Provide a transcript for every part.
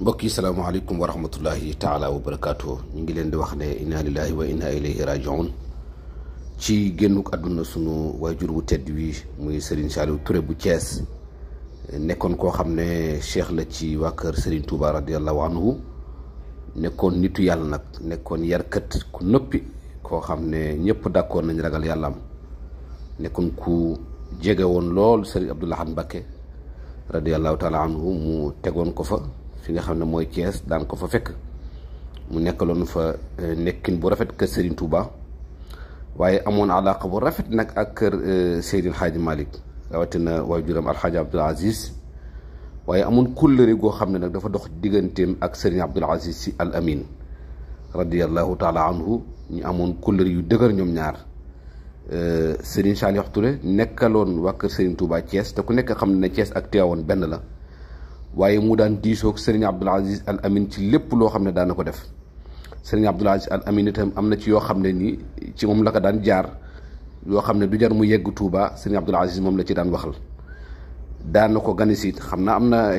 mbokk yi salaamaaleykum wa rahmatullahi taala wa barakaatu ñu ngi leen di wax ne inna lillahi wa inna ilayhi rajiun ci génnuk àdduna sunu waajur wu tedd wi muy Serigne Saliou Touré bu Thiès nekkoon koo xam cheikh la ci waa kër Serigne Touba radiallahu anhu nekkoon nitu yàlla nag nekkoon yarkat ku nëppi koo xam ne ñëpp d'accord nañ ragal yàllaam nekkoon ku jege woon lool Serigne Abdoul Ahad Mbacké taala anhu mu tegoon ko fa fi nga xamne moy mooy dan ko fa fek mu nekkalon fa nekkin bu rafet ke Serigne Touba waye amone alaqa bu rafet nak ak kër serigne Hadji malik rawatina al hadji Abdoul Aziz waye amone kulere go xamne nak dafa dox digantem ak Serigne Abdoul Aziz Sy Al Amin radiyallahu taala anhu ni amone kulere yu deugar ñom ñaar Serigne Saliou Touré nekkalon wa kër Serigne Touba Thiès te ku nekk xamne ne ak Tivaouane ben la waye mu daan diisoog serigne abdou Aziz Al Amin ci lépp lo xamne ne daan ko def serigne abdou Aziz Al Amin tam amna ci yo xamne ni ci mom la ka daan jaar yo xamne du jaar mu yegg Touba serigne abdou Aziz mom la ci daan waxal. daan na ko ganis it xam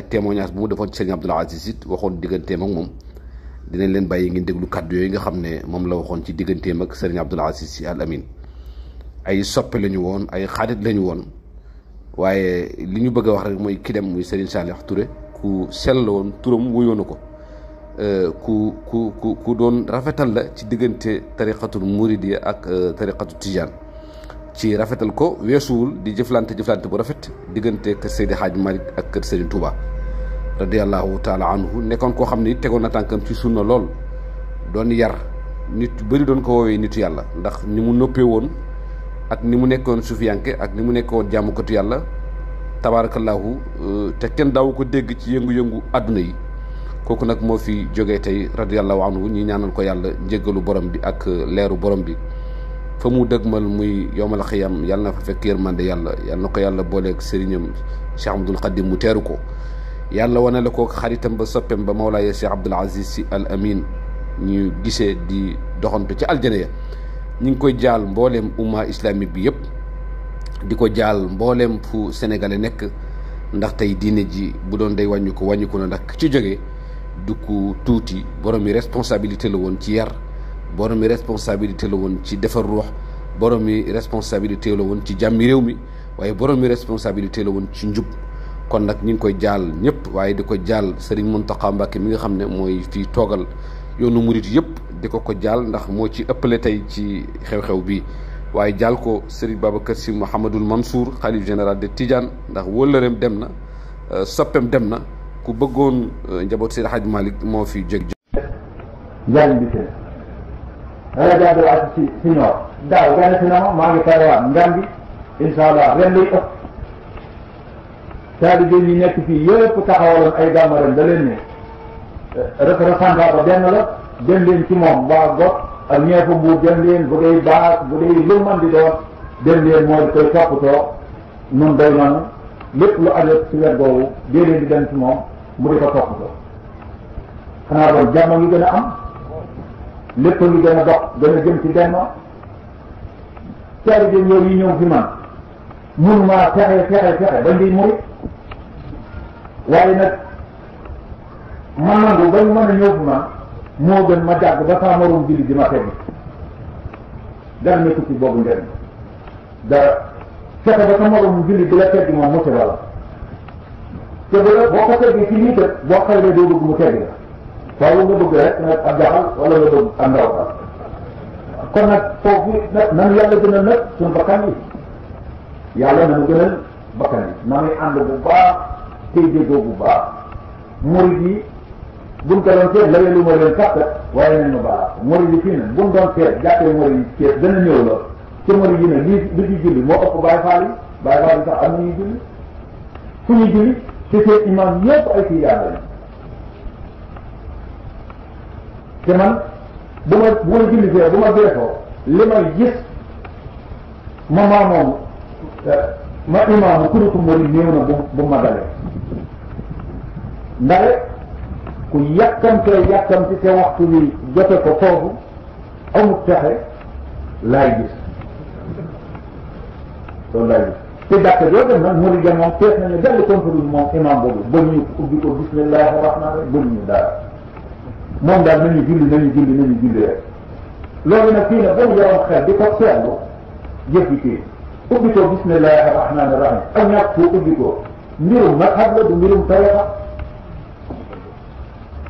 témoignage bu mu defo ci sëriñ Abdoul Aziz it waxoon digganteem ak moom dinañ len baye ngeen déglu kàddu yo nga xamne mom la waxon ci digganteem ak serigne abdou Aziz Al Amin ay soppe lañu won ay xarit lañu won waye liñu bëgg wax rek moy ki dem muy Serigne salih Touré ku sell la woon turam woyoonu ko euh, ku ku ku ku doon rafetal la ci diggante tariqatul muridiya ak euh, tariqatu tijaan ci rafetal ko weesuwul di jëflante jëflante bu rafet diggante kër Seydi Hadj Malick ak kër Serigne Touba radiallahu taala anhu nekkoon koo xam ne tegoon na tànkam ci sunna lool doon yar nit yu bëri doon ko woowee nitu yàlla ndax ni mu noppee woon ak ni mu nekkoon sufiyanke ak ni mu nekkoon jaamukatu yàlla tabaarakallaahu euh, te kenn daawu ko dégg ci yëngu-yëngu àdduna yi kooku nag moo fi jógee tey radiyallahu anhu ñi ñaanal ko yàlla njéggalu borom bi ak euh, leeru borom bi fa mu dëgg dëgmal muy yowmal xiyam yàlla na fa fekk yërmande yàlla yàlla na ko yàlla booleeg sëriñam Cheikh Abdoul Khadim mu teeru ko yàlla wane la ko xaritam ba soppeem ba Mawlaaye Cheikh Abdoul Aziz Sy Al Amin ñu gisee di doxantu ci aljana ya ñu ngi koy jaal mbooleem umma islamique bi yëpp di ko jaal mbooleem fu sénégalais nekk ndax tey diine ji bu doon day wàññi ko wàññi ko na ndax ci jóge du ko tuuti borom mi responsabilité la woon ci yar borom mi responsabilité la woon ci defar ruux borom mi responsabilité la woon ci jàmmi réew mi waaye borom mi responsabilité la woon ci njub kon nag ñu ngi koy jaal ñëpp waaye di ko jaal Serigne Mountakha Mbacké mi nga xam ne mooy fii toogal yoonu murit yëpp di ko ko jaal ndax moo ci ëppale tey ci xew-xew bi waaye jàll ko Serigne Babacar Sy Mouhamadul Mansour xalif général de Tidiane ndax wëllëreem dem na euh, soppeem dem na ku bëggoon euh, njaboot Seydi Hadj Malick moo fi jég jàng bi seen rajo bi ak si si daaw gànna si nama maa ngi parewaat ngan bi incha allah ren lay ëpp taalibe yi nekk ay gàmmaram da leen ne euh, représentant ba benn la ak ñee ko mbuur dem leen bu dee baax bu dee lu man di doon dem leen mooy koy toppatoo nun day noonu lépp lu aju ci wet googu mu di ko toppatoo xanaa doon jàmm ngi gën a am lépp ngi gën a dox gën a jëm ci benn caari jën yooyu ñëw fi mun maa fexe fexe fexe ba ndi murit waaye nag man nangu bañ mën a ñëw fi man moo gën ma jàgg ba saa marum julli di ma tegg dara nekku ci boobu njëriñ dara fexe ba sa marum julli di la tegg moom musiba la te ba la boo ko teggee ci lii tëb boo xëy doo mu tegg la waaw nga bëgg rek nag ab jaxal wala nga bëgg am ndaw ka kon nag foofu nag nan yàlla gënal nag suñu bakkan yi yàlla nanu gënal bakkan yi nanuy ànd bu baax tey déggoo bu baax murid yi buñ ko doon seet la lu ma leen fàtt waaye nañu baax murid yi fii nag buñ doon seet jàppee murid yi seet ci murid yi nag lii li ci Baay Faal Baay Faal yi sax am nañu fu ñu ci seen imam ñëpp ay kii yàlla lañ bu ma bu li ma maa eh, ma imaamu kurutu murid néew na bu bu ma dalee ndax ku yàkkamtee yàkkamti te waxtu bi jote ko foofu amut pexe laay gis loolu laay gis te dàkk joo dem nag mu di moom tees na ne dellu contre moom imam boobu ba ñu ubbi ko bismillahi rahmaani rek bëri ñu daal moom daal nañu julli nañu julli nañu julli rek loolu nag fii nag boo yoroon xel di ko seetlu jëf yi kii ubbi ko bismillahi rahmaani rahim ak ñàkk ko ubbi ko mbirum mazhab la du mbirum tariqa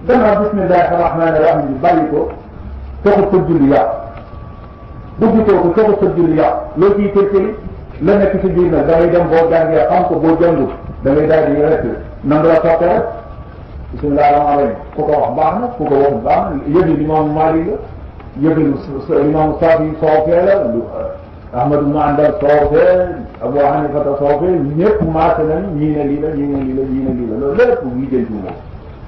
gannaaw bismillahi rahmaani rahim bi bàyyi ko taxut sa julli yàqu duggutoo ko taxut sa julli yàqu loo ciy tëkkali la nekk ci biir nag da ngay dem boo jàngee xam ko boo jàngul da ngay daal di rek nangu la topp rek bismillahi rahmaani rahim ku ko wax baax na ku ko wax baax na yëbi limaamu Maalik la yëbi limaamu Saafi soofee la eh, Ahmadu Mandal soofee Abu Hanifata soofee ñëpp maase nañ ñii ne lii la ñii ne lii la ñii ne lii la loolu lépp ñu jël ci moom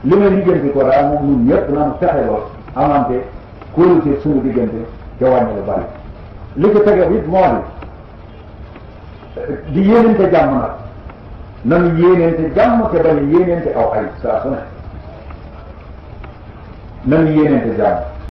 li may liggéey ko daal ñun ñëpp nañu fexe ba amante kóolute suñu diggante te wàññi lu bari li ko tege it moo di di yéeneente jàmm nag nañu yéeneente jàmm te bañ a yéeneente aw ay saa su ne nañu yéeneente jàmm.